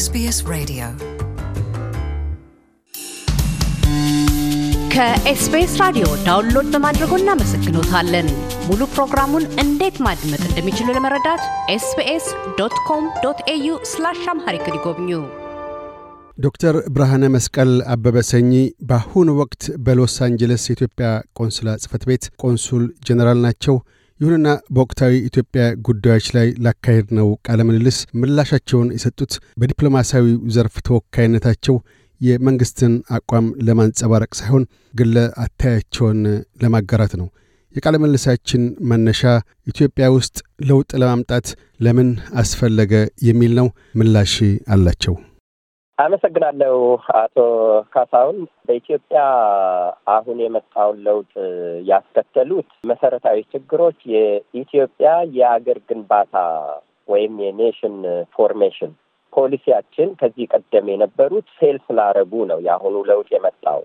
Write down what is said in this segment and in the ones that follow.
ኤስቢኤስ Radio ከኤስቢኤስ ራዲዮ ዳውንሎድ በማድረጎ እናመሰግኖታለን። ሙሉ ፕሮግራሙን እንዴት ማድመጥ እንደሚችሉ ለመረዳት ኤስቢኤስ ዶት ኮም ዶት ኤዩ ስላሽ አምሃሪክ ይጎብኙ። ዶክተር ብርሃነ መስቀል አበበ ሰኚ በአሁኑ ወቅት በሎስ አንጀለስ የኢትዮጵያ ቆንስላ ጽህፈት ቤት ቆንሱል ጄኔራል ናቸው። ይሁንና በወቅታዊ ኢትዮጵያ ጉዳዮች ላይ ላካሄድ ነው ቃለ ምልልስ ምላሻቸውን የሰጡት በዲፕሎማሲያዊ ዘርፍ ተወካይነታቸው የመንግሥትን አቋም ለማንጸባረቅ ሳይሆን ግለ አታያቸውን ለማጋራት ነው። የቃለ ምልልሳችን መነሻ ኢትዮጵያ ውስጥ ለውጥ ለማምጣት ለምን አስፈለገ የሚል ነው። ምላሽ አላቸው። አመሰግናለሁ አቶ ካሳሁን። በኢትዮጵያ አሁን የመጣውን ለውጥ ያስከተሉት መሰረታዊ ችግሮች የኢትዮጵያ የአገር ግንባታ ወይም የኔሽን ፎርሜሽን ፖሊሲያችን ከዚህ ቀደም የነበሩት ፌል ስላረጉ ነው የአሁኑ ለውጥ የመጣው።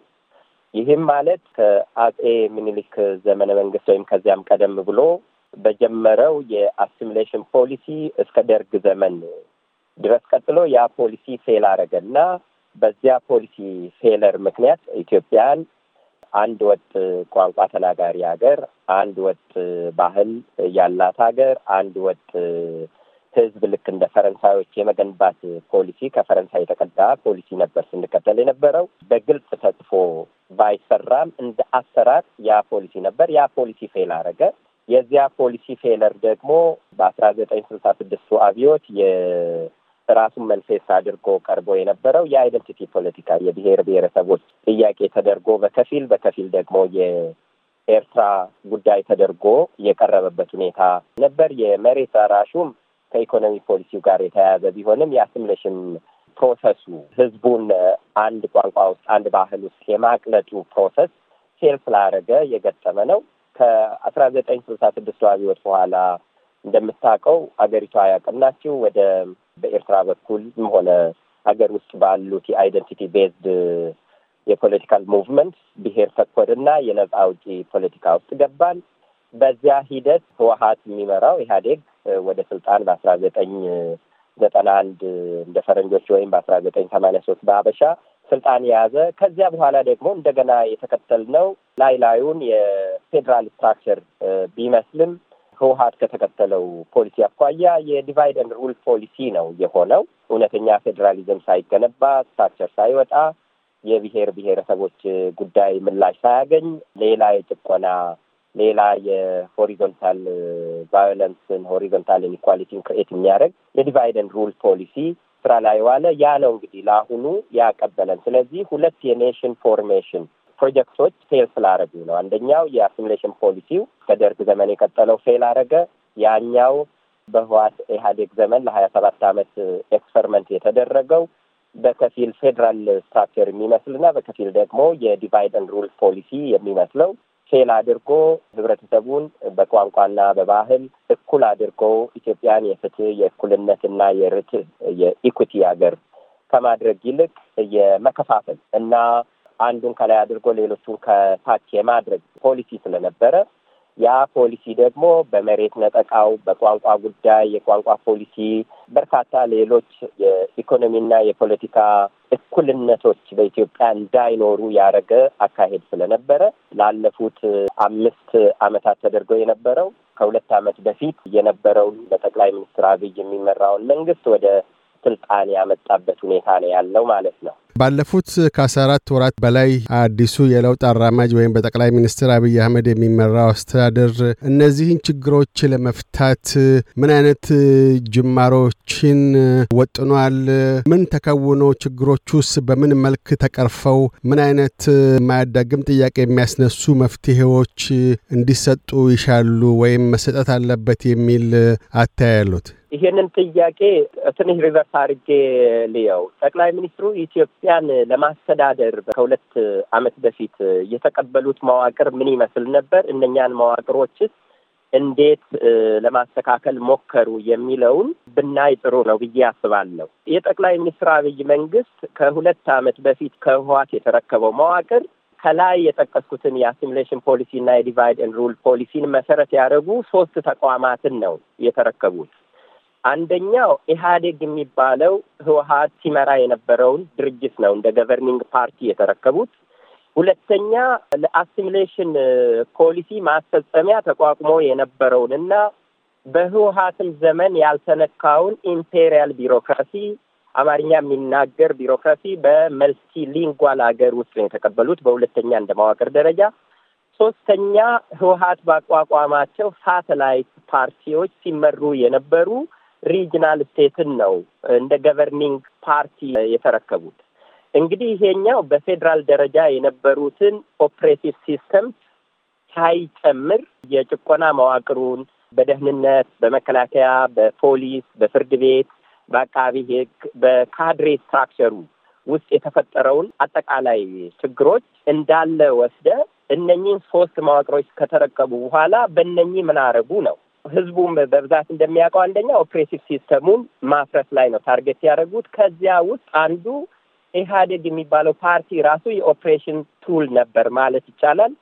ይህም ማለት ከአጼ ምኒልክ ዘመነ መንግስት ወይም ከዚያም ቀደም ብሎ በጀመረው የአሲሚሌሽን ፖሊሲ እስከ ደርግ ዘመን ድረስ ቀጥሎ ያ ፖሊሲ ፌል እና በዚያ ፖሊሲ ፌለር ምክንያት ኢትዮጵያን አንድ ወጥ ቋንቋ ተናጋሪ ሀገር፣ አንድ ወጥ ባህል ያላት ሀገር፣ አንድ ወጥ ህዝብ ልክ እንደ ፈረንሳዮች የመገንባት ፖሊሲ ከፈረንሳይ የተቀዳ ፖሊሲ ነበር ስንከተል የነበረው። በግልጽ ተጽፎ ባይሰራም እንደ አሰራር ያ ፖሊሲ ነበር። ያ ፖሊሲ ፌል አረገ። የዚያ ፖሊሲ ፌለር ደግሞ በአስራ ዘጠኝ ስልሳ ስድስቱ አብዮት ራሱን መልፌስ አድርጎ ቀርቦ የነበረው የአይደንቲቲ ፖለቲካ የብሔር ብሔረሰቦች ጥያቄ ተደርጎ በከፊል በከፊል ደግሞ የኤርትራ ጉዳይ ተደርጎ የቀረበበት ሁኔታ ነበር። የመሬት አራሹም ከኢኮኖሚ ፖሊሲው ጋር የተያያዘ ቢሆንም የአሲሚሌሽን ፕሮሰሱ ህዝቡን አንድ ቋንቋ ውስጥ አንድ ባህል ውስጥ የማቅለጡ ፕሮሰስ ፌል ስላደረገ የገጠመ ነው። ከአስራ ዘጠኝ ስልሳ ስድስቱ አብዮት በኋላ እንደምታውቀው አገሪቷ ያቀናችው ወደ በኤርትራ በኩልም ሆነ ሀገር ውስጥ ባሉት የአይደንቲቲ ቤዝድ የፖለቲካል ሙቭመንት ብሄር ተኮርና የነጻ አውጪ ፖለቲካ ውስጥ ገባን። በዚያ ሂደት ህወሀት የሚመራው ኢህአዴግ ወደ ስልጣን በአስራ ዘጠኝ ዘጠና አንድ እንደ ፈረንጆች ወይም በአስራ ዘጠኝ ሰማንያ ሶስት በአበሻ ስልጣን የያዘ ከዚያ በኋላ ደግሞ እንደገና የተከተልነው ላይ ላዩን የፌዴራል ስትራክቸር ቢመስልም ህወሀት ከተከተለው ፖሊሲ አኳያ የዲቫይድ ኤንድ ሩል ፖሊሲ ነው የሆነው። እውነተኛ ፌዴራሊዝም ሳይገነባ ታቸር ሳይወጣ የብሔር ብሔረሰቦች ጉዳይ ምላሽ ሳያገኝ ሌላ የጭቆና ሌላ የሆሪዞንታል ቫዮለንስን ሆሪዞንታል ኢንኢኳሊቲን ክሬት የሚያደርግ የዲቫይድ ኤንድ ሩል ፖሊሲ ስራ ላይ ዋለ። ያ ነው እንግዲህ ለአሁኑ ያቀበለን። ስለዚህ ሁለት የኔሽን ፎርሜሽን ፕሮጀክቶች ፌል ስላረጉ ነው። አንደኛው የአሲሚሌሽን ፖሊሲው ከደርግ ዘመን የቀጠለው ፌል አረገ። ያኛው በህዋት ኢህአዴግ ዘመን ለሀያ ሰባት አመት ኤክስፐሪመንት የተደረገው በከፊል ፌዴራል ስትራክቸር የሚመስልና በከፊል ደግሞ የዲቫይድ ኤንድ ሩል ፖሊሲ የሚመስለው ፌል አድርጎ ህብረተሰቡን በቋንቋና በባህል እኩል አድርጎ ኢትዮጵያን የፍትህ የእኩልነትና የርትዕ የኢኩቲ ሀገር ከማድረግ ይልቅ የመከፋፈል እና አንዱን ከላይ አድርጎ ሌሎቹን ከታች የማድረግ ፖሊሲ ስለነበረ ያ ፖሊሲ ደግሞ በመሬት ነጠቃው፣ በቋንቋ ጉዳይ የቋንቋ ፖሊሲ፣ በርካታ ሌሎች የኢኮኖሚና የፖለቲካ እኩልነቶች በኢትዮጵያ እንዳይኖሩ ያደረገ አካሄድ ስለነበረ ላለፉት አምስት ዓመታት ተደርገው የነበረው ከሁለት ዓመት በፊት የነበረውን በጠቅላይ ሚኒስትር አብይ የሚመራውን መንግስት ወደ ስልጣን ያመጣበት ሁኔታ ነው ያለው ማለት ነው። ባለፉት ከአስራ አራት ወራት በላይ አዲሱ የለውጥ አራማጅ ወይም በጠቅላይ ሚኒስትር አብይ አህመድ የሚመራው አስተዳደር እነዚህን ችግሮች ለመፍታት ምን አይነት ጅማሮችን ወጥኗል? ምን ተከውኖ ችግሮቹስ በምን መልክ ተቀርፈው ምን አይነት የማያዳግም ጥያቄ የሚያስነሱ መፍትሄዎች እንዲሰጡ ይሻሉ ወይም መሰጠት አለበት የሚል አታያሉት? ይሄንን ጥያቄ ትንሽ ሪቨርስ አድርጌ ልየው። ጠቅላይ ሚኒስትሩ ኢትዮጵያን ለማስተዳደር ከሁለት ዓመት በፊት የተቀበሉት መዋቅር ምን ይመስል ነበር? እነኛን መዋቅሮችስ እንዴት ለማስተካከል ሞከሩ የሚለውን ብናይ ጥሩ ነው ብዬ አስባለሁ። የጠቅላይ ሚኒስትር አብይ መንግስት ከሁለት ዓመት በፊት ከህወሓት የተረከበው መዋቅር ከላይ የጠቀስኩትን የአሲሚሌሽን ፖሊሲ እና የዲቫይድ ኤንድ ሩል ፖሊሲን መሰረት ያደረጉ ሶስት ተቋማትን ነው የተረከቡት። አንደኛው ኢህአዴግ የሚባለው ህወሀት ሲመራ የነበረውን ድርጅት ነው እንደ ገቨርኒንግ ፓርቲ የተረከቡት። ሁለተኛ ለአሲሚሌሽን ፖሊሲ ማስፈጸሚያ ተቋቁሞ እና በህወሀትም ዘመን ያልተነካውን ኢምፔሪያል ቢሮክራሲ አማርኛ የሚናገር ቢሮክራሲ በመልቲ ሊንጓል ሀገር ውስጥ ነው የተቀበሉት በሁለተኛ እንደ መዋቅር ደረጃ። ሶስተኛ ህወሀት ባቋቋማቸው ሳተላይት ፓርቲዎች ሲመሩ የነበሩ ሪጅናል ስቴትን ነው እንደ ገቨርኒንግ ፓርቲ የተረከቡት። እንግዲህ ይሄኛው በፌዴራል ደረጃ የነበሩትን ኦፕሬቲቭ ሲስተም ሳይጨምር የጭቆና መዋቅሩን በደህንነት፣ በመከላከያ፣ በፖሊስ፣ በፍርድ ቤት፣ በአቃቢ ሕግ፣ በካድሬ ስትራክቸሩ ውስጥ የተፈጠረውን አጠቃላይ ችግሮች እንዳለ ወስደ እነኚህን ሶስት መዋቅሮች ከተረከቡ በኋላ በእነኚህ ምን አረጉ ነው ህዝቡም በብዛት እንደሚያውቀው አንደኛ ኦፕሬሲቭ ሲስተሙን ማፍረስ ላይ ነው ታርጌት ያደረጉት። ከዚያ ውስጥ አንዱ ኢህአዴግ የሚባለው ፓርቲ ራሱ የኦፕሬሽን ቱል ነበር ማለት ይቻላል።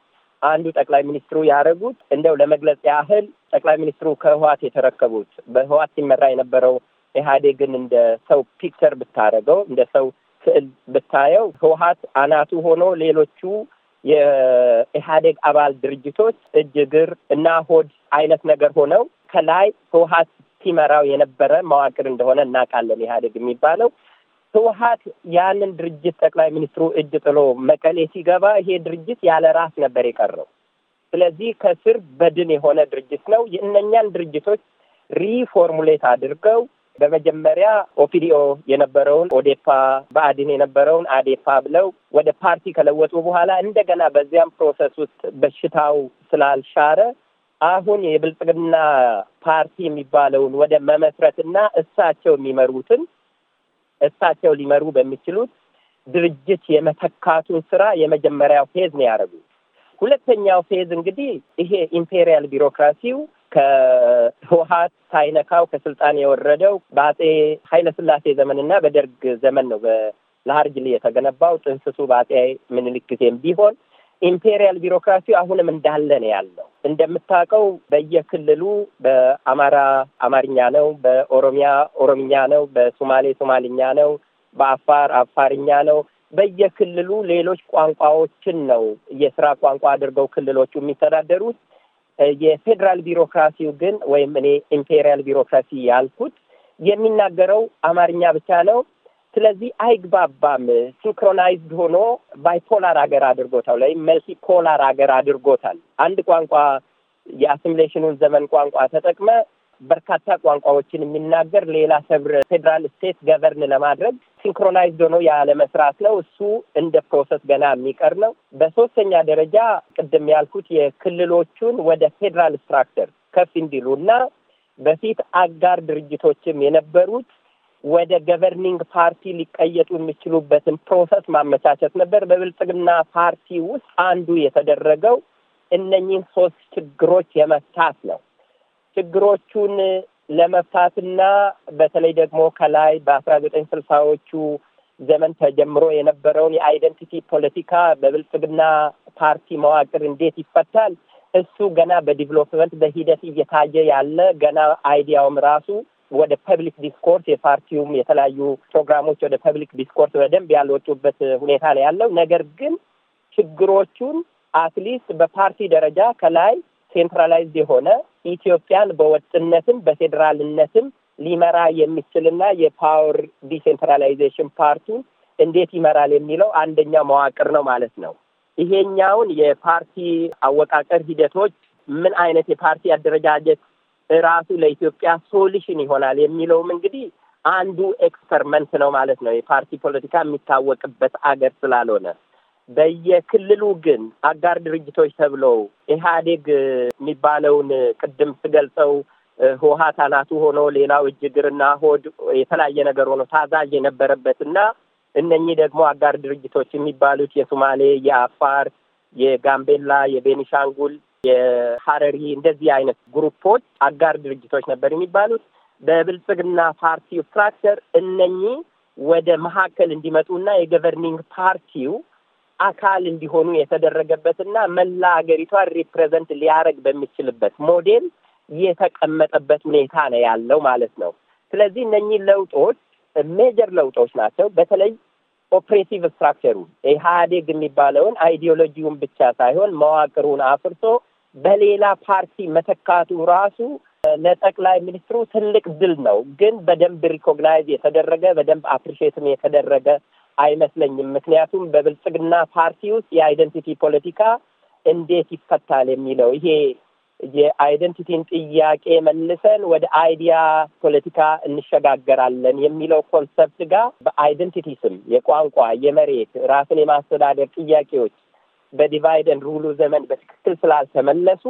አንዱ ጠቅላይ ሚኒስትሩ ያደረጉት እንደው ለመግለጽ ያህል ጠቅላይ ሚኒስትሩ ከህዋት የተረከቡት በህዋት ሲመራ የነበረው ኢህአዴግን እንደ ሰው ፒክቸር ብታደረገው እንደ ሰው ስዕል ብታየው ህወሀት አናቱ ሆኖ ሌሎቹ የኢህአዴግ አባል ድርጅቶች እጅ እግር እና ሆድ አይነት ነገር ሆነው ከላይ ህወሀት ሲመራው የነበረ መዋቅር እንደሆነ እናውቃለን። ኢህአዴግ የሚባለው ህወሀት ያንን ድርጅት ጠቅላይ ሚኒስትሩ እጅ ጥሎ መቀሌ ሲገባ ይሄ ድርጅት ያለ ራስ ነበር የቀረው። ስለዚህ ከስር በድን የሆነ ድርጅት ነው። የእነኛን ድርጅቶች ሪፎርሙሌት አድርገው በመጀመሪያ ኦፒዲኦ የነበረውን ኦዴፓ በአድን የነበረውን አዴፓ ብለው ወደ ፓርቲ ከለወጡ በኋላ እንደገና በዚያም ፕሮሰስ ውስጥ በሽታው ስላልሻረ አሁን የብልጽግና ፓርቲ የሚባለውን ወደ መመስረትና እሳቸው የሚመሩትን እሳቸው ሊመሩ በሚችሉት ድርጅት የመተካቱን ስራ የመጀመሪያው ፌዝ ነው ያደረጉት። ሁለተኛው ፌዝ እንግዲህ ይሄ ኢምፔሪያል ቢሮክራሲው ከህወሀት ሳይነካው ከስልጣን የወረደው በአጼ ኃይለ ዘመን ዘመንና በደርግ ዘመን ነው። ለሀርጅሌ የተገነባው ጥንስሱ በአጼ ምኒልክ ጊዜም ቢሆን ኢምፔሪያል ቢሮክራሲ አሁንም እንዳለ ነው ያለው። እንደምታውቀው በየክልሉ በአማራ አማርኛ ነው፣ በኦሮሚያ ኦሮምኛ ነው፣ በሶማሌ ሶማልኛ ነው፣ በአፋር አፋርኛ ነው። በየክልሉ ሌሎች ቋንቋዎችን ነው የስራ ቋንቋ አድርገው ክልሎቹ የሚተዳደሩት። የፌዴራል ቢሮክራሲው ግን ወይም እኔ ኢምፔሪያል ቢሮክራሲ ያልኩት የሚናገረው አማርኛ ብቻ ነው። ስለዚህ አይግባባም። ሲንክሮናይዝድ ሆኖ ባይፖላር ሀገር አድርጎታል ወይም መልቲ ፖላር ሀገር አድርጎታል። አንድ ቋንቋ የአሲሚሌሽኑን ዘመን ቋንቋ ተጠቅመ በርካታ ቋንቋዎችን የሚናገር ሌላ ሰብር ፌዴራል ስቴት ገቨርን ለማድረግ ሲንክሮናይዝድ ሆኖ ያለመስራት ነው። እሱ እንደ ፕሮሰስ ገና የሚቀር ነው። በሶስተኛ ደረጃ ቅድም ያልኩት የክልሎቹን ወደ ፌዴራል ስትራክቸር ከፍ እንዲሉ እና በፊት አጋር ድርጅቶችም የነበሩት ወደ ገቨርኒንግ ፓርቲ ሊቀየጡ የሚችሉበትን ፕሮሰስ ማመቻቸት ነበር። በብልጽግና ፓርቲ ውስጥ አንዱ የተደረገው እነኚህን ሶስት ችግሮች የመፍታት ነው። ችግሮቹን ለመፍታትና በተለይ ደግሞ ከላይ በአስራ ዘጠኝ ስልሳዎቹ ዘመን ተጀምሮ የነበረውን የአይደንቲቲ ፖለቲካ በብልጽግና ፓርቲ መዋቅር እንዴት ይፈታል? እሱ ገና በዲቨሎፕመንት በሂደት እየታየ ያለ ገና አይዲያውም ራሱ ወደ ፐብሊክ ዲስኮርስ የፓርቲውም የተለያዩ ፕሮግራሞች ወደ ፐብሊክ ዲስኮርስ በደንብ ያልወጡበት ሁኔታ ላይ ያለው ነገር ግን ችግሮቹን አትሊስት በፓርቲ ደረጃ ከላይ ሴንትራላይዝድ የሆነ ኢትዮጵያን በወጥነትም በፌዴራልነትም ሊመራ የሚችልና የፓወር ዲሴንትራላይዜሽን ፓርቲን እንዴት ይመራል የሚለው አንደኛ መዋቅር ነው ማለት ነው። ይሄኛውን የፓርቲ አወቃቀር ሂደቶች ምን አይነት የፓርቲ አደረጃጀት ራሱ ለኢትዮጵያ ሶሉሽን ይሆናል የሚለውም እንግዲህ አንዱ ኤክስፐሪመንት ነው ማለት ነው። የፓርቲ ፖለቲካ የሚታወቅበት አገር ስላልሆነ በየክልሉ ግን አጋር ድርጅቶች ተብለው ኢህአዴግ የሚባለውን ቅድም ስገልጸው ህወሀት አናቱ ሆኖ ሌላው እጅ እግርና ሆድ የተለያየ ነገር ሆኖ ታዛዥ የነበረበትና እነኚህ ደግሞ አጋር ድርጅቶች የሚባሉት የሶማሌ፣ የአፋር፣ የጋምቤላ፣ የቤኒሻንጉል፣ የሀረሪ እንደዚህ አይነት ግሩፖች አጋር ድርጅቶች ነበር የሚባሉት። በብልጽግና ፓርቲው ስትራክቸር እነኚህ ወደ መካከል እንዲመጡና የገቨርኒንግ ፓርቲው አካል እንዲሆኑ የተደረገበትና መላ ሀገሪቷን ሪፕሬዘንት ሊያደረግ በሚችልበት ሞዴል የተቀመጠበት ሁኔታ ነው ያለው ማለት ነው። ስለዚህ እነኚህ ለውጦች ሜጀር ለውጦች ናቸው። በተለይ ኦፕሬቲቭ ስትራክቸሩ ኢህአዴግ የሚባለውን አይዲዮሎጂውን ብቻ ሳይሆን መዋቅሩን አፍርሶ በሌላ ፓርቲ መተካቱ ራሱ ለጠቅላይ ሚኒስትሩ ትልቅ ድል ነው። ግን በደንብ ሪኮግናይዝ የተደረገ በደንብ አፕሪሼትም የተደረገ አይመስለኝም። ምክንያቱም በብልጽግና ፓርቲ ውስጥ የአይደንቲቲ ፖለቲካ እንዴት ይፈታል የሚለው ይሄ የአይደንቲቲን ጥያቄ መልሰን ወደ አይዲያ ፖለቲካ እንሸጋገራለን የሚለው ኮንሰፕት ጋር በአይደንቲቲ ስም የቋንቋ፣ የመሬት፣ ራስን የማስተዳደር ጥያቄዎች በዲቫይድ ኤንድ ሩሉ ዘመን በትክክል ስላልተመለሱ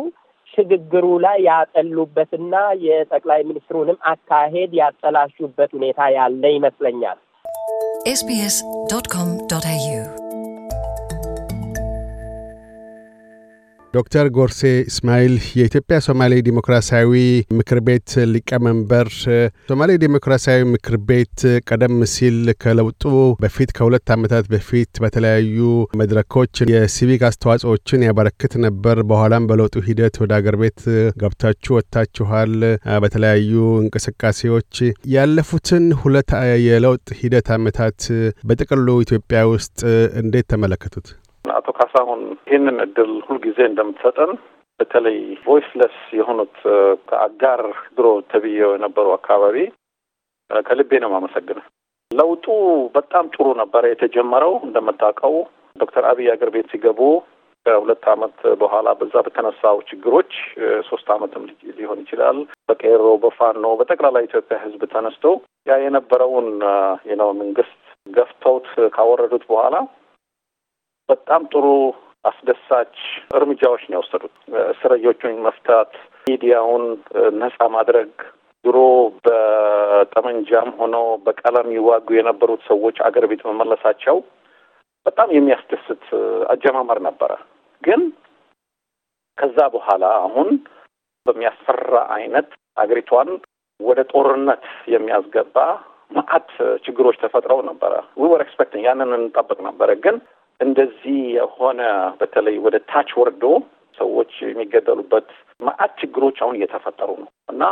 ሽግግሩ ላይ ያጠሉበትና የጠቅላይ ሚኒስትሩንም አካሄድ ያጠላሹበት ሁኔታ ያለ ይመስለኛል። sbs.com.au ዶክተር ጎርሴ እስማኤል የኢትዮጵያ ሶማሌ ዲሞክራሲያዊ ምክር ቤት ሊቀመንበር። ሶማሌ ዲሞክራሲያዊ ምክር ቤት ቀደም ሲል ከለውጡ በፊት ከሁለት ዓመታት በፊት በተለያዩ መድረኮች የሲቪክ አስተዋጽኦችን ያበረክት ነበር። በኋላም በለውጡ ሂደት ወደ አገር ቤት ገብታችሁ ወጥታችኋል። በተለያዩ እንቅስቃሴዎች ያለፉትን ሁለት የለውጥ ሂደት ዓመታት በጥቅሉ ኢትዮጵያ ውስጥ እንዴት ተመለከቱት? አቶ ካሳሁን ይህንን እድል ሁልጊዜ እንደምትሰጠን በተለይ ቮይስለስ የሆኑት ከአጋር ድሮ ተብዬው የነበሩ አካባቢ ከልቤ ነው የማመሰግነው። ለውጡ በጣም ጥሩ ነበረ የተጀመረው። እንደምታውቀው ዶክተር አብይ አገር ቤት ሲገቡ ከሁለት አመት በኋላ በዛ በተነሳው ችግሮች ሶስት አመትም ሊሆን ይችላል በቄሮ በፋኖ በጠቅላላ ኢትዮጵያ ህዝብ ተነስቶ ያ የነበረውን የነው መንግስት ገፍተውት ካወረዱት በኋላ በጣም ጥሩ አስደሳች እርምጃዎች ነው የወሰዱት። እስረኞቹን መፍታት፣ ሚዲያውን ነጻ ማድረግ ድሮ በጠመንጃም ሆኖ በቀለም ይዋጉ የነበሩት ሰዎች አገር ቤት መመለሳቸው በጣም የሚያስደስት አጀማመር ነበረ። ግን ከዛ በኋላ አሁን በሚያስፈራ አይነት አገሪቷን ወደ ጦርነት የሚያስገባ መዓት ችግሮች ተፈጥረው ነበረ። ዊ ወር ኤክስፔክቲንግ ያንን እንጠብቅ ነበረ። ግን እንደዚህ የሆነ በተለይ ወደ ታች ወርዶ ሰዎች የሚገደሉበት ማአት ችግሮች አሁን እየተፈጠሩ ነው እና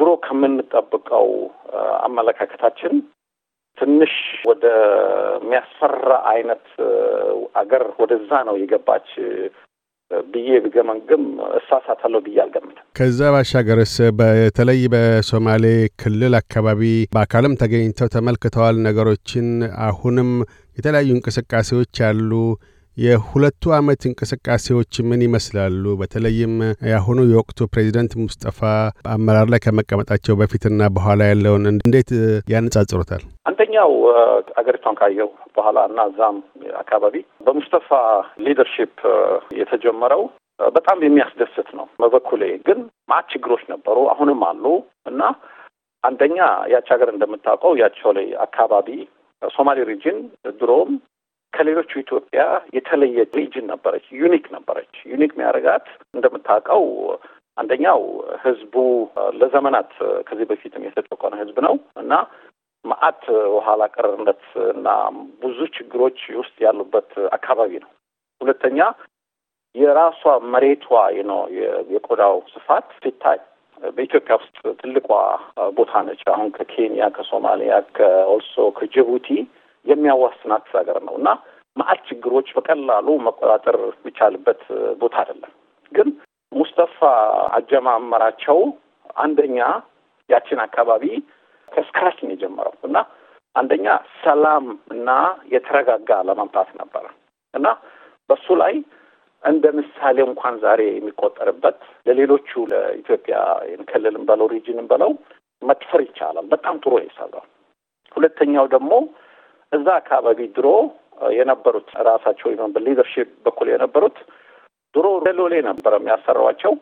ድሮ ከምንጠብቀው አመለካከታችን ትንሽ ወደ ሚያስፈራ አይነት አገር ወደዛ ነው የገባች ብዬ ብገመንግም እሳሳታለሁ ብዬ አልገምትም። ከዛ ባሻገርስ በተለይ በሶማሌ ክልል አካባቢ በአካልም ተገኝተው ተመልክተዋል ነገሮችን አሁንም የተለያዩ እንቅስቃሴዎች አሉ። የሁለቱ ዓመት እንቅስቃሴዎች ምን ይመስላሉ? በተለይም የአሁኑ የወቅቱ ፕሬዚደንት ሙስጠፋ አመራር ላይ ከመቀመጣቸው በፊትና በኋላ ያለውን እንዴት ያነጻጽሩታል? አንደኛው አገሪቷን ካየው በኋላ እና እዛም አካባቢ በሙስጠፋ ሊደርሺፕ የተጀመረው በጣም የሚያስደስት ነው። በበኩሌ ግን ማት ችግሮች ነበሩ፣ አሁንም አሉ እና አንደኛ ያች ሀገር እንደምታውቀው ያቸው ላይ አካባቢ ሶማሌ ሪጅን ድሮም ከሌሎቹ ኢትዮጵያ የተለየ ሪጅን ነበረች። ዩኒክ ነበረች። ዩኒክ የሚያደርጋት እንደምታውቀው አንደኛው ህዝቡ ለዘመናት ከዚህ በፊትም የተጨቆነ ህዝብ ነው እና መዓት ኋላ ቀርነት እና ብዙ ችግሮች ውስጥ ያሉበት አካባቢ ነው። ሁለተኛ የራሷ መሬቷ ነው የቆዳው ስፋት ሲታይ በኢትዮጵያ ውስጥ ትልቋ ቦታ ነች። አሁን ከኬንያ፣ ከሶማሊያ፣ ከኦልሶ ከጅቡቲ የሚያዋስናት ሀገር ነው እና መዓት ችግሮች በቀላሉ መቆጣጠር የሚቻልበት ቦታ አይደለም። ግን ሙስጠፋ አጀማመራቸው አንደኛ ያችን አካባቢ ከስክራች ነው የጀመረው እና አንደኛ ሰላም እና የተረጋጋ ለማምጣት ነበረ እና በሱ ላይ እንደ ምሳሌ እንኳን ዛሬ የሚቆጠርበት ለሌሎቹ ለኢትዮጵያ ክልልን በለው ሪጅንን በለው መጥፈር ይቻላል። በጣም ጥሩ የሰራ ሁለተኛው ደግሞ እዛ አካባቢ ድሮ የነበሩት ራሳቸው በሊደርሺፕ በኩል የነበሩት ድሮ ሎሌ ነበረ የሚያሰሯቸው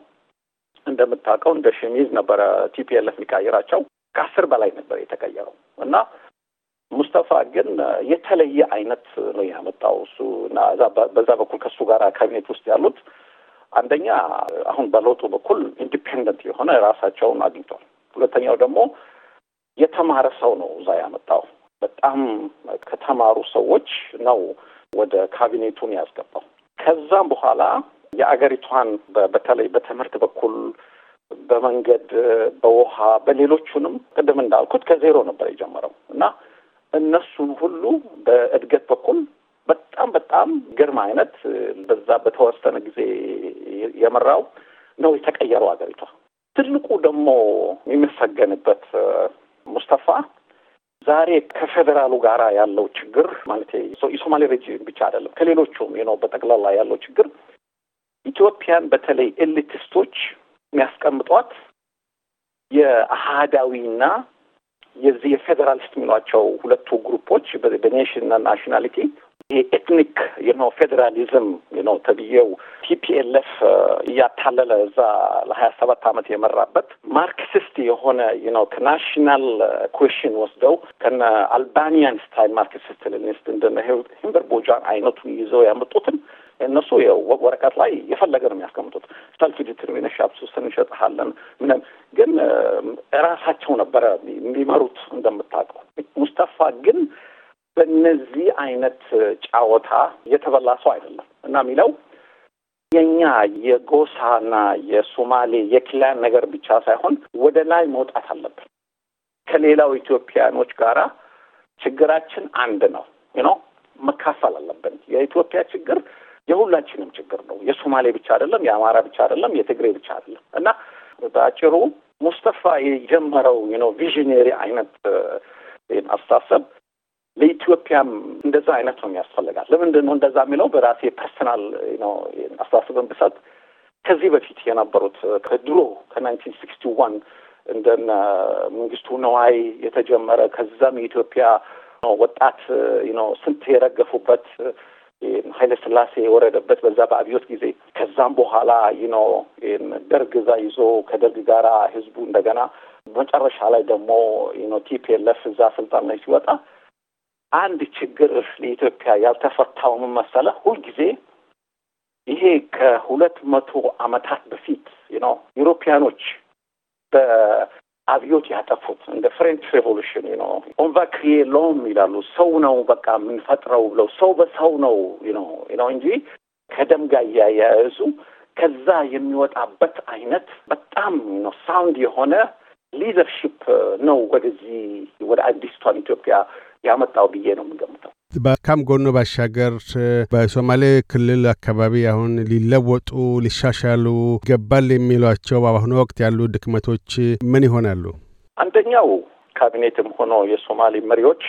እንደምታውቀው እንደ ሸሚዝ ነበረ ቲፒኤልኤፍ የሚቀይራቸው ከአስር በላይ ነበር የተቀየረው እና ሙስተፋ ግን የተለየ አይነት ነው ያመጣው እሱ እና በዛ በኩል ከሱ ጋር ካቢኔት ውስጥ ያሉት አንደኛ አሁን በለውጡ በኩል ኢንዲፔንደንት የሆነ ራሳቸውን አግኝቷል። ሁለተኛው ደግሞ የተማረ ሰው ነው እዛ ያመጣው። በጣም ከተማሩ ሰዎች ነው ወደ ካቢኔቱን ያስገባው። ከዛም በኋላ የአገሪቷን በተለይ በትምህርት በኩል በመንገድ፣ በውሃ፣ በሌሎቹንም ቅድም እንዳልኩት ከዜሮ ነበር የጀመረው እና እነሱን ሁሉ በእድገት በኩል በጣም በጣም ግርማ አይነት በዛ በተወሰነ ጊዜ የመራው ነው የተቀየረው ሀገሪቷ። ትልቁ ደግሞ የሚመሰገንበት ሙስተፋ ዛሬ ከፌዴራሉ ጋር ያለው ችግር ማለት የሶማሌ ሬጅም ብቻ አይደለም፣ ከሌሎቹም ነው በጠቅላላ ያለው ችግር ኢትዮጵያን በተለይ ኤሊቲስቶች የሚያስቀምጧት የአህዳዊና የዚህ የፌዴራሊስት የሚሏቸው ሁለቱ ግሩፖች በኔሽን በኔሽንና ናሽናሊቲ ይሄ ኤትኒክ የኖ ፌዴራሊዝም የኖ ተብዬው ቲፒኤልኤፍ እያታለለ እዛ ለሀያ ሰባት ዓመት የመራበት ማርክሲስት የሆነ ነው ከናሽናል ኩዌሽን ወስደው ከነ አልባኒያን ስታይል ማርክሲስት ልንስት እንደነ ሂምበር ቦጃን አይነቱን ይዘው ያመጡትን እነሱ ወረቀት ላይ የፈለገ ነው የሚያስቀምጡት። ሰልፍ ዲትርሚኔሽን አብሱስን እንሸጥሃለን ምንም። ግን ራሳቸው ነበረ የሚመሩት እንደምታውቀው። ሙስተፋ ግን በእነዚህ አይነት ጫወታ የተበላ ሰው አይደለም እና የሚለው የኛ የጎሳና የሶማሌ የክላን ነገር ብቻ ሳይሆን ወደ ላይ መውጣት አለብን። ከሌላው ኢትዮጵያኖች ጋራ ችግራችን አንድ ነው ነው መካፈል አለብን። የኢትዮጵያ ችግር የሁላችንም ችግር ነው። የሶማሌ ብቻ አይደለም፣ የአማራ ብቻ አይደለም፣ የትግሬ ብቻ አይደለም እና በአጭሩ ሙስተፋ የጀመረው ነው ቪዥኔሪ አይነት አስተሳሰብ ለኢትዮጵያም እንደዛ አይነት ነው የሚያስፈልጋል። ለምንድን ነው እንደዛ የሚለው በራሴ ፐርሰናል አስተሳሰብን ብሰጥ ከዚህ በፊት የነበሩት ከድሮ ከናይንቲን ሲክስቲ ዋን እንደነ መንግስቱ ነዋይ የተጀመረ ከዛም የኢትዮጵያ ወጣት ነው ስንት የረገፉበት ኃይለ ስላሴ የወረደበት በዛ በአብዮት ጊዜ ከዛም በኋላ ይኖ ደርግ እዛ ይዞ ከደርግ ጋራ ህዝቡ እንደገና መጨረሻ ላይ ደግሞ ኖ ቲፒኤልኤፍ እዛ ስልጣን ላይ ሲወጣ አንድ ችግር ለኢትዮጵያ ያልተፈታው ምን መሰለህ? ሁልጊዜ ይሄ ከሁለት መቶ አመታት በፊት ነው ዩሮፒያኖች አብዮት ያጠፉት እንደ ፍሬንች ሬቮሉሽን ነው። ኦንቫ ቫ ሎም ይላሉ። ሰው ነው በቃ የምንፈጥረው ብለው ሰው በሰው ነው ነው ነው እንጂ ከደም ጋር እያያያዙ ከዛ የሚወጣበት አይነት በጣም ነው ሳውንድ የሆነ ሊደርሺፕ ነው ወደዚህ ወደ አዲስቷን ኢትዮጵያ ያመጣው ብዬ ነው የምንገምተው። በካም ጎኖ ባሻገር በሶማሌ ክልል አካባቢ አሁን ሊለወጡ ሊሻሻሉ ይገባል የሚሏቸው በአሁኑ ወቅት ያሉ ድክመቶች ምን ይሆናሉ? አንደኛው ካቢኔትም ሆኖ የሶማሌ መሪዎች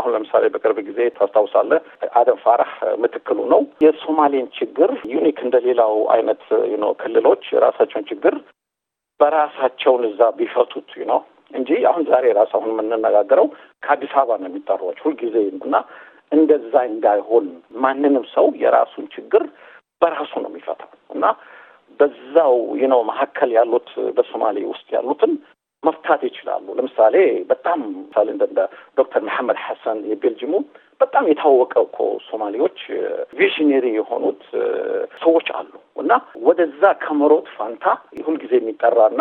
አሁን ለምሳሌ በቅርብ ጊዜ ታስታውሳለህ፣ አደም ፋራህ ምትክሉ ነው የሶማሌን ችግር ዩኒክ እንደሌላው አይነት ክልሎች የራሳቸውን ችግር በራሳቸውን እዛ ቢፈቱት ነው እንጂ አሁን ዛሬ ራስ አሁን የምንነጋገረው ከአዲስ አበባ ነው የሚጠሯቸው ሁልጊዜ እና እንደዛ እንዳይሆን ማንንም ሰው የራሱን ችግር በራሱ ነው የሚፈታው እና በዛው ነው መካከል ያሉት በሶማሌ ውስጥ ያሉትን መፍታት ይችላሉ። ለምሳሌ በጣም ምሳሌ እንደ ዶክተር መሐመድ ሐሰን የቤልጅሙ በጣም የታወቀ እኮ ሶማሌዎች ቪዥነሪ የሆኑት ሰዎች አሉ እና ወደዛ ከምሮት ፋንታ ሁልጊዜ የሚጠራና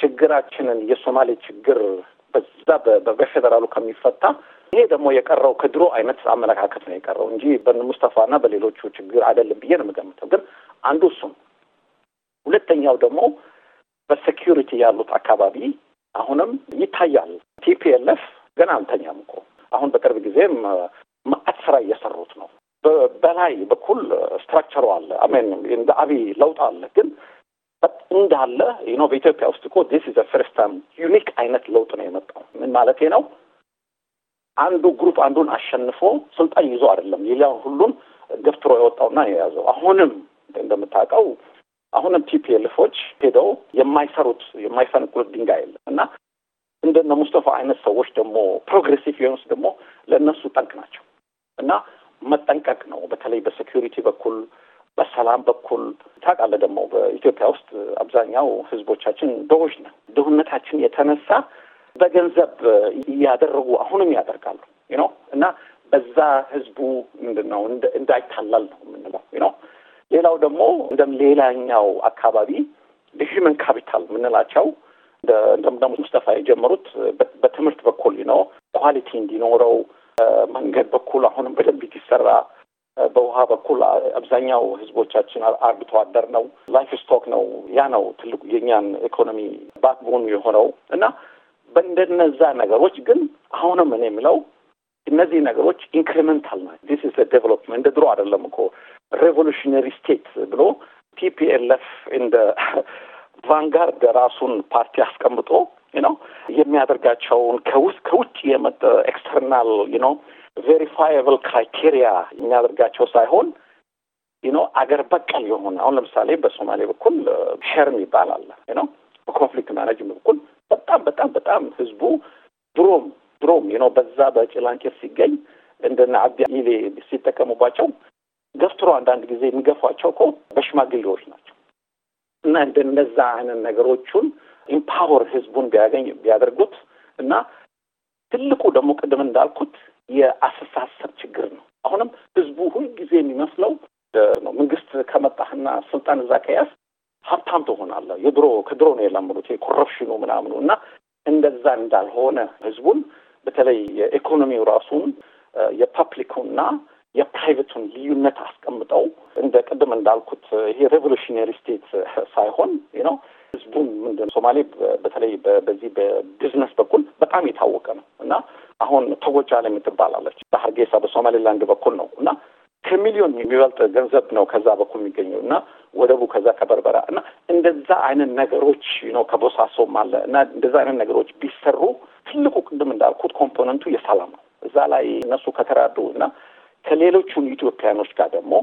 ችግራችንን የሶማሌ ችግር በዛ በፌደራሉ ከሚፈታ ይሄ ደግሞ የቀረው ከድሮ አይነት አመለካከት ነው የቀረው እንጂ በሙስተፋ ሙስተፋና በሌሎቹ ችግር አይደለም ብዬ ነው የምገምተው። ግን አንዱ እሱም፣ ሁለተኛው ደግሞ በሴኪሪቲ ያሉት አካባቢ አሁንም ይታያል። ቲፒኤልኤፍ ገና አልተኛም እኮ አሁን በቅርብ ጊዜም ማአት ስራ እየሰሩት ነው። በላይ በኩል ስትራክቸሩ አለ። አሜን እንደ አብይ ለውጥ አለ ግን እንዳለ ዩኖ በኢትዮጵያ ውስጥ እኮ ዲስ ኢዝ ፈርስት ታይም ዩኒክ አይነት ለውጥ ነው የመጣው። ምን ማለቴ ነው? አንዱ ግሩፕ አንዱን አሸንፎ ስልጣን ይዞ አይደለም ሌላውን ሁሉም ገፍትሮ የወጣውና የያዘው አሁንም እንደምታውቀው አሁንም ቲፒኤልፎች ሄደው የማይሰሩት የማይፈነቅሉት ድንጋይ የለም እና እንደነ ሙስተፋ አይነት ሰዎች ደግሞ ፕሮግሬሲቭ የሆኑት ደግሞ ለእነሱ ጠንቅ ናቸው እና መጠንቀቅ ነው በተለይ በሴኪሪቲ በኩል በሰላም በኩል ታውቃለህ፣ ደግሞ በኢትዮጵያ ውስጥ አብዛኛው ህዝቦቻችን ድሆች ነው። ድህነታችን የተነሳ በገንዘብ እያደረጉ አሁንም ያደርጋሉ ነው እና በዛ ህዝቡ ምንድን ነው እንዳይታላል ነው የምንለው ነው። ሌላው ደግሞ እንደም ሌላኛው አካባቢ ሂውመን ካፒታል የምንላቸው እንደም ደግሞ ሙስጠፋ የጀመሩት በትምህርት በኩል ነው ኳሊቲ እንዲኖረው መንገድ በኩል አሁንም በደንብ እንዲሰራ በውሃ በኩል አብዛኛው ህዝቦቻችን አርብቶ አደር ነው፣ ላይፍ ስቶክ ነው። ያ ነው ትልቁ የኛን ኢኮኖሚ ባክቦን የሆነው እና በእንደነዛ ነገሮች ግን አሁንም እኔ የምለው እነዚህ ነገሮች ኢንክሪመንታል ናቸው። ዲስ ኢዝ ዴቨሎፕመንት እንደ ድሮ አይደለም እኮ ሬቮሉሽነሪ ስቴት ብሎ ቲፒኤልኤፍ እንደ ቫንጋርድ ራሱን ፓርቲ አስቀምጦ ነው የሚያደርጋቸውን ከውስጥ ከውጭ የመጠ ኤክስተርናል ነው ቬሪፋየብል ክራይቴሪያ የሚያደርጋቸው ሳይሆን ኖ አገር በቀል የሆነ አሁን ለምሳሌ በሶማሌ በኩል uh, ሸርም ይባላል ነው በኮንፍሊክት ማናጅመንት በኩል በጣም በጣም በጣም ህዝቡ ድሮም ድሮም ዩኖ በዛ በጭላንጭር ሲገኝ እንደና አቢ ኢሌ ሲጠቀሙባቸው ገፍትሮ አንዳንድ ጊዜ የሚገፏቸው እኮ በሽማግሌዎች ናቸው እና እንደነዛ አይነት ነገሮቹን ኢምፓወር ህዝቡን ቢያገኝ ቢያደርጉት እና ትልቁ ደግሞ ቅድም እንዳልኩት የአስተሳሰብ ችግር ነው። አሁንም ህዝቡ ሁልጊዜ የሚመስለው መንግስት ከመጣህና ስልጣን እዛ ከያዝ ሀብታም ትሆናለህ። የድሮ ከድሮ ነው የለመዱት የኮረፕሽኑ ምናምኑ እና እንደዛ እንዳልሆነ ህዝቡን በተለይ የኢኮኖሚው ራሱን የፐብሊኩና የፕራይቬቱን ልዩነት አስቀምጠው እንደ ቅድም እንዳልኩት ይሄ ሬቮሉሽነሪ ስቴት ሳይሆን ነው ህዝቡም ሶማሌ በተለይ በዚህ በቢዝነስ በኩል በጣም የታወቀ ነው እና አሁን ተጎጃ ለም ትባላለች በሀርጌሳ በሶማሌላንድ በኩል ነው እና ከሚሊዮን የሚበልጥ ገንዘብ ነው ከዛ በኩል የሚገኘው እና ወደቡ ከዛ ከበርበራ እና እንደዛ አይነት ነገሮች ነው ከቦሳሶም አለ እና እንደዛ አይነት ነገሮች ቢሰሩ ትልቁ ቅድም እንዳልኩት ኮምፖነንቱ የሰላም ነው። እዛ ላይ እነሱ ከተራዱ እና ከሌሎቹን ኢትዮጵያኖች ጋር ደግሞ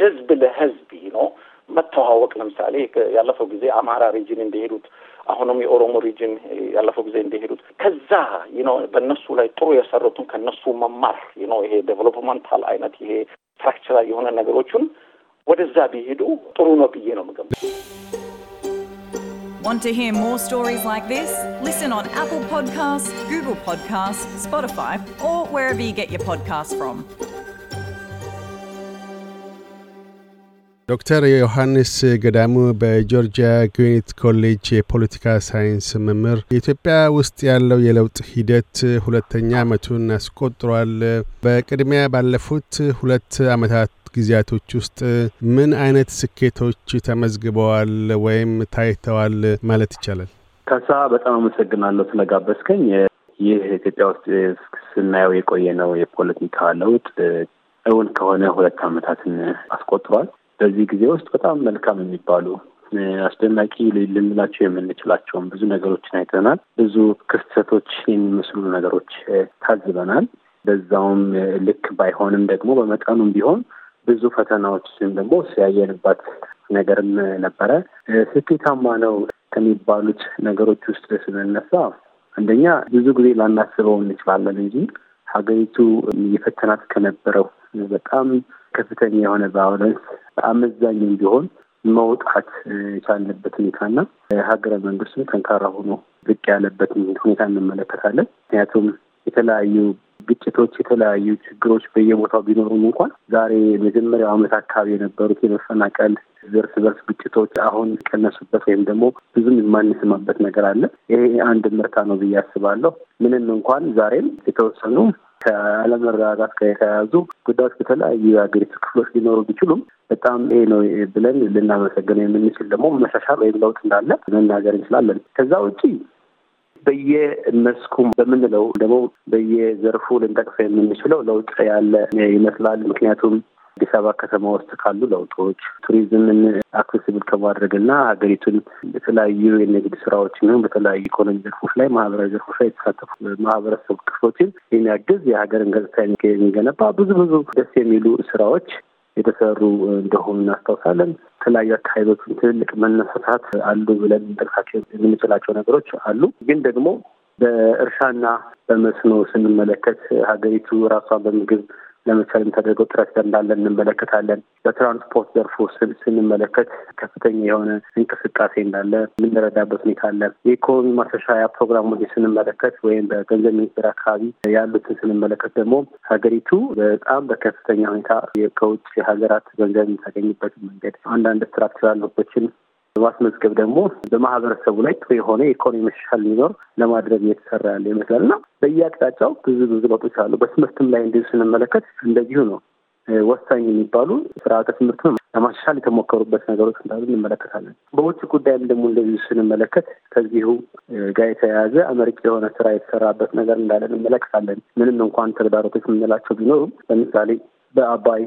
ህዝብ ለህዝብ ነው መተዋወቅ ለምሳሌ ያለፈው ጊዜ አማራ ሪጅን እንደሄዱት አሁንም የኦሮሞ ሪጅን ያለፈው ጊዜ እንደሄዱት ከዛ ነው በእነሱ ላይ ጥሩ የሰሩትን ከነሱ መማር ነው ይሄ ዴቨሎፕመንታል አይነት ይሄ ስትራክቸራል የሆነ ነገሮችን ወደዛ ቢሄዱ ጥሩ ነው ብዬ ነው ምገም Want to hear more stories like this? Listen on Apple Podcasts, Google Podcasts, Spotify, or wherever you get your podcasts from. ዶክተር ዮሐንስ ገዳሙ በጆርጂያ ግዊኒት ኮሌጅ የፖለቲካ ሳይንስ መምህር፣ ኢትዮጵያ ውስጥ ያለው የለውጥ ሂደት ሁለተኛ ዓመቱን አስቆጥሯል። በቅድሚያ ባለፉት ሁለት ዓመታት ጊዜያቶች ውስጥ ምን አይነት ስኬቶች ተመዝግበዋል ወይም ታይተዋል ማለት ይቻላል? ከሳ በጣም አመሰግናለሁ ስለጋበዝከኝ። ይህ ኢትዮጵያ ውስጥ ስናየው የቆየ ነው የፖለቲካ ለውጥ እውን ከሆነ ሁለት ዓመታትን አስቆጥሯል። በዚህ ጊዜ ውስጥ በጣም መልካም የሚባሉ አስደናቂ ልንላቸው የምንችላቸውም ብዙ ነገሮችን አይተናል። ብዙ ክስተቶች የሚመስሉ ነገሮች ታዝበናል። በዛውም ልክ ባይሆንም ደግሞ በመጠኑም ቢሆን ብዙ ፈተናዎችን ደግሞ ሲያየንባት ነገርም ነበረ። ስኬታማ ነው ከሚባሉት ነገሮች ውስጥ ስንነሳ አንደኛ ብዙ ጊዜ ላናስበው እንችላለን እንጂ ሀገሪቱ እየፈተናት ከነበረው በጣም ከፍተኛ የሆነ ቫዮለንስ አመዛኝ እንዲሆን መውጣት የቻለበት ሁኔታና ሀገረ መንግስቱ ጠንካራ ሆኖ ብቅ ያለበት ሁኔታ እንመለከታለን። ምክንያቱም የተለያዩ ግጭቶች፣ የተለያዩ ችግሮች በየቦታው ቢኖሩም እንኳን ዛሬ መጀመሪያው ዓመት አካባቢ የነበሩት የመፈናቀል እርስ በርስ ግጭቶች አሁን ቀነሱበት ወይም ደግሞ ብዙም የማንስማበት ነገር አለ። ይሄ አንድ ምርታ ነው ብዬ አስባለሁ። ምንም እንኳን ዛሬም የተወሰኑ ከአለመረጋጋት ጋር የተያያዙ ጉዳዮች በተለያዩ የሀገሪቱ ክፍሎች ሊኖሩ ቢችሉም በጣም ይሄ ነው ብለን ልናመሰግነው የምንችል ደግሞ መሻሻል ወይም ለውጥ እንዳለ መናገር እንችላለን። ከዛ ውጪ በየመስኩ በምንለው ደግሞ በየዘርፉ ልንጠቅሰው የምንችለው ለውጥ ያለ ይመስላል። ምክንያቱም አዲስ አበባ ከተማ ውስጥ ካሉ ለውጦች ቱሪዝምን አክሴስብል ከማድረግ እና ሀገሪቱን በተለያዩ የንግድ ስራዎች እንዲሁም በተለያዩ ኢኮኖሚ ዘርፎች ላይ ማህበራዊ ዘርፎች ላይ የተሳተፉ ማህበረሰብ ክፍሎችን የሚያግዝ የሀገርን ገጽታ የሚገነባ ብዙ ብዙ ደስ የሚሉ ስራዎች የተሰሩ እንደሆኑ እናስታውሳለን። የተለያዩ አካባቢዎችን ትልልቅ መነሳሳት አሉ ብለን ልንጠቅሳቸው የምንችላቸው ነገሮች አሉ። ግን ደግሞ በእርሻና በመስኖ ስንመለከት ሀገሪቱ ራሷን በምግብ ለመቻል የሚደረገው ጥረት እንዳለ እንመለከታለን። በትራንስፖርት ዘርፉ ስንመለከት ከፍተኛ የሆነ እንቅስቃሴ እንዳለ የምንረዳበት ሁኔታ አለ። የኢኮኖሚ ማሻሻያ ፕሮግራሞች ስንመለከት ወይም በገንዘብ ሚኒስቴር አካባቢ ያሉትን ስንመለከት ደግሞ ሀገሪቱ በጣም በከፍተኛ ሁኔታ ከውጭ ሀገራት ገንዘብ የምታገኝበት መንገድ አንዳንድ ስትራክቸራል ሎቦችን ማስመዝገብ ደግሞ በማህበረሰቡ ላይ ጥሩ የሆነ የኢኮኖሚ መሻሻል ሊኖር ለማድረግ እየተሰራ ያለ ይመስላል እና በየአቅጣጫው ብዙ ብዙ ለውጦች አሉ። በትምህርትም ላይ እንዲሁ ስንመለከት እንደዚሁ ነው። ወሳኝ የሚባሉ ስርዓተ ትምህርትን ለማሻሻል የተሞከሩበት ነገሮች እንዳሉ እንመለከታለን። በውጭ ጉዳይም ደግሞ እንደዚሁ ስንመለከት ከዚሁ ጋር የተያያዘ አመርቂ የሆነ ስራ የተሰራበት ነገር እንዳለ እንመለከታለን። ምንም እንኳን ተግዳሮቶች የምንላቸው ቢኖሩም ለምሳሌ በአባይ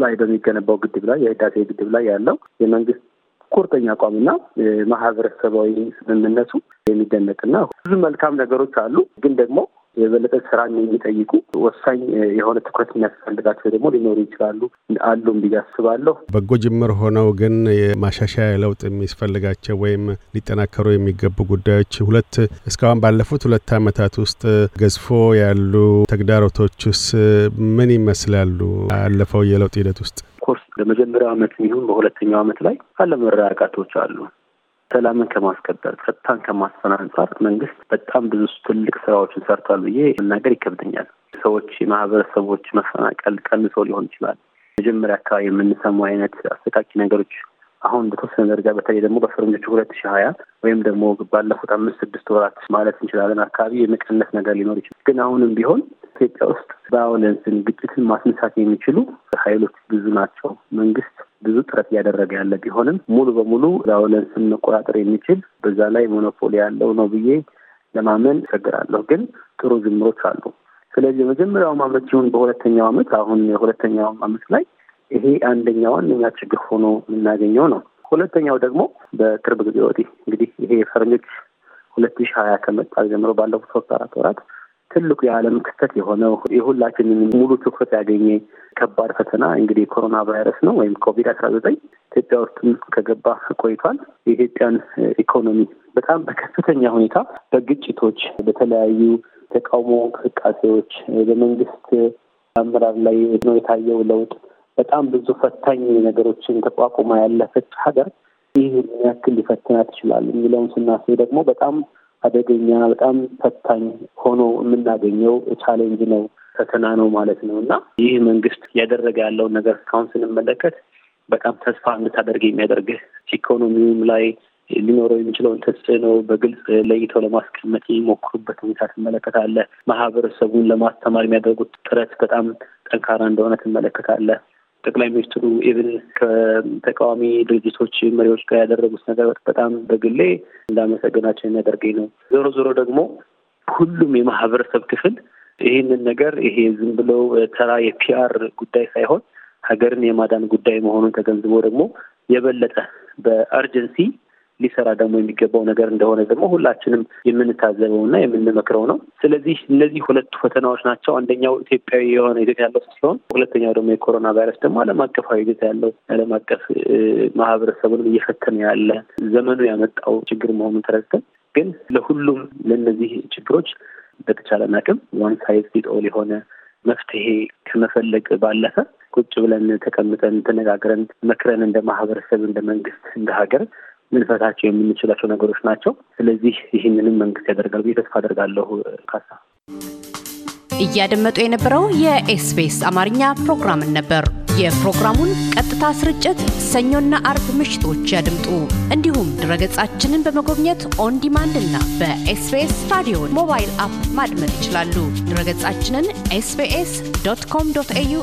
ላይ በሚገነባው ግድብ ላይ የህዳሴ ግድብ ላይ ያለው የመንግስት ቁርጠኛ አቋምና ማህበረሰባዊ ስምምነቱ የሚደነቅና ብዙ መልካም ነገሮች አሉ። ግን ደግሞ የበለጠ ስራ የሚጠይቁ ወሳኝ የሆነ ትኩረት የሚያስፈልጋቸው ደግሞ ሊኖሩ ይችላሉ አሉም ብዬ አስባለሁ። በጎ ጅምር ሆነው ግን የማሻሻያ ለውጥ የሚያስፈልጋቸው ወይም ሊጠናከሩ የሚገቡ ጉዳዮች ሁለት እስካሁን ባለፉት ሁለት ዓመታት ውስጥ ገዝፎ ያሉ ተግዳሮቶችስ ምን ይመስላሉ? አለፈው የለውጥ ሂደት ውስጥ ኦፍኮርስ በመጀመሪያው ዓመት የሚሆን በሁለተኛው ዓመት ላይ አለመረጋጋቶች አሉ። ሰላምን ከማስከበር ጸጥታን ከማስፈን አንጻር መንግስት በጣም ብዙ ትልቅ ስራዎችን ሰርቷል ብዬ መናገር ይከብደኛል። ሰዎች የማህበረሰቦች መፈናቀል ቀንሶ ሊሆን ይችላል። መጀመሪያ አካባቢ የምንሰማው አይነት አስተካኪ ነገሮች አሁን በተወሰነ ደረጃ በተለይ ደግሞ በፈረንጆቹ ሁለት ሺህ ሀያ ወይም ደግሞ ባለፉት አምስት ስድስት ወራት ማለት እንችላለን አካባቢ የመቀነስ ነገር ሊኖር ይችላል። ግን አሁንም ቢሆን ኢትዮጵያ ውስጥ ቫዮለንስን፣ ግጭትን ማስነሳት የሚችሉ ኃይሎች ብዙ ናቸው። መንግስት ብዙ ጥረት እያደረገ ያለ ቢሆንም ሙሉ በሙሉ ቫዮለንስን መቆጣጠር የሚችል በዛ ላይ ሞኖፖሊ ያለው ነው ብዬ ለማመን እቸገራለሁ። ግን ጥሩ ጅምሮች አሉ። ስለዚህ የመጀመሪያው አመት ሲሆን በሁለተኛው አመት አሁን የሁለተኛው አመት ላይ ይሄ አንደኛው ዋነኛ ችግር ሆኖ የምናገኘው ነው። ሁለተኛው ደግሞ በቅርብ ጊዜ ወዲህ እንግዲህ ይሄ ፈረንጆች ሁለት ሺህ ሀያ ከመጣ ጀምሮ ባለፉት ሶስት አራት ወራት ትልቁ የዓለም ክስተት የሆነው የሁላችን ሙሉ ትኩረት ያገኘ ከባድ ፈተና እንግዲህ የኮሮና ቫይረስ ነው ወይም ኮቪድ አስራ ዘጠኝ ኢትዮጵያ ውስጥም ከገባ ቆይቷል። የኢትዮጵያን ኢኮኖሚ በጣም በከፍተኛ ሁኔታ በግጭቶች፣ በተለያዩ ተቃውሞ እንቅስቃሴዎች፣ በመንግስት አመራር ላይ ነው የታየው ለውጥ በጣም ብዙ ፈታኝ ነገሮችን ተቋቁማ ያለፈች ሀገር ይህ ያክል ሊፈትና ትችላል የሚለውን ስናስብ ደግሞ በጣም አደገኛ በጣም ፈታኝ ሆኖ የምናገኘው ቻሌንጅ ነው፣ ፈተና ነው ማለት ነው እና ይህ መንግስት እያደረገ ያለውን ነገር እስካሁን ስንመለከት በጣም ተስፋ እንድታደርግ የሚያደርግህ ኢኮኖሚውም ላይ ሊኖረው የሚችለውን ተጽዕኖ በግልጽ ለይተው ለማስቀመጥ የሚሞክሩበት ሁኔታ ትመለከታለህ። ማህበረሰቡን ለማስተማር የሚያደርጉት ጥረት በጣም ጠንካራ እንደሆነ ትመለከታለህ። ጠቅላይ ሚኒስትሩ ኢብን ከተቃዋሚ ድርጅቶች መሪዎች ጋር ያደረጉት ነገር በጣም በግሌ እንዳመሰገናቸው የሚያደርገኝ ነው። ዞሮ ዞሮ ደግሞ ሁሉም የማህበረሰብ ክፍል ይህንን ነገር ይሄ ዝም ብለው ተራ የፒአር ጉዳይ ሳይሆን ሀገርን የማዳን ጉዳይ መሆኑን ተገንዝቦ ደግሞ የበለጠ በአርጀንሲ ሊሰራ ደግሞ የሚገባው ነገር እንደሆነ ደግሞ ሁላችንም የምንታዘበው እና የምንመክረው ነው። ስለዚህ እነዚህ ሁለቱ ፈተናዎች ናቸው። አንደኛው ኢትዮጵያዊ የሆነ ይዘት ያለው ሲሆን፣ ሁለተኛው ደግሞ የኮሮና ቫይረስ ደግሞ ዓለም አቀፋዊ ይዘት ያለው ዓለም አቀፍ ማህበረሰቡንም እየፈተነ ያለ ዘመኑ ያመጣው ችግር መሆኑን ተረድተን ግን ለሁሉም ለእነዚህ ችግሮች በተቻለን አቅም ዋን ሳይዝ ፊትስ ኦል የሆነ መፍትሄ ከመፈለግ ባለፈ ቁጭ ብለን ተቀምጠን ተነጋግረን መክረን እንደ ማህበረሰብ፣ እንደ መንግስት፣ እንደ ሀገር ልንፈታቸው የምንችላቸው ነገሮች ናቸው። ስለዚህ ይህንንም መንግስት ያደርጋል ብዬ ተስፋ አደርጋለሁ። ካሳ እያደመጡ የነበረው የኤስቢኤስ አማርኛ ፕሮግራምን ነበር። የፕሮግራሙን ቀጥታ ስርጭት ሰኞና አርብ ምሽቶች ያድምጡ። እንዲሁም ድረገጻችንን በመጎብኘት ኦን ዲማንድ እና በኤስቢኤስ ራዲዮ ሞባይል አፕ ማድመጥ ይችላሉ። ድረገጻችንን ኤስቢኤስ ዶት ኮም ዶት ኤዩ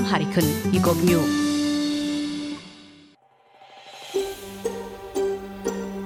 አምሃሪክን ይጎብኙ።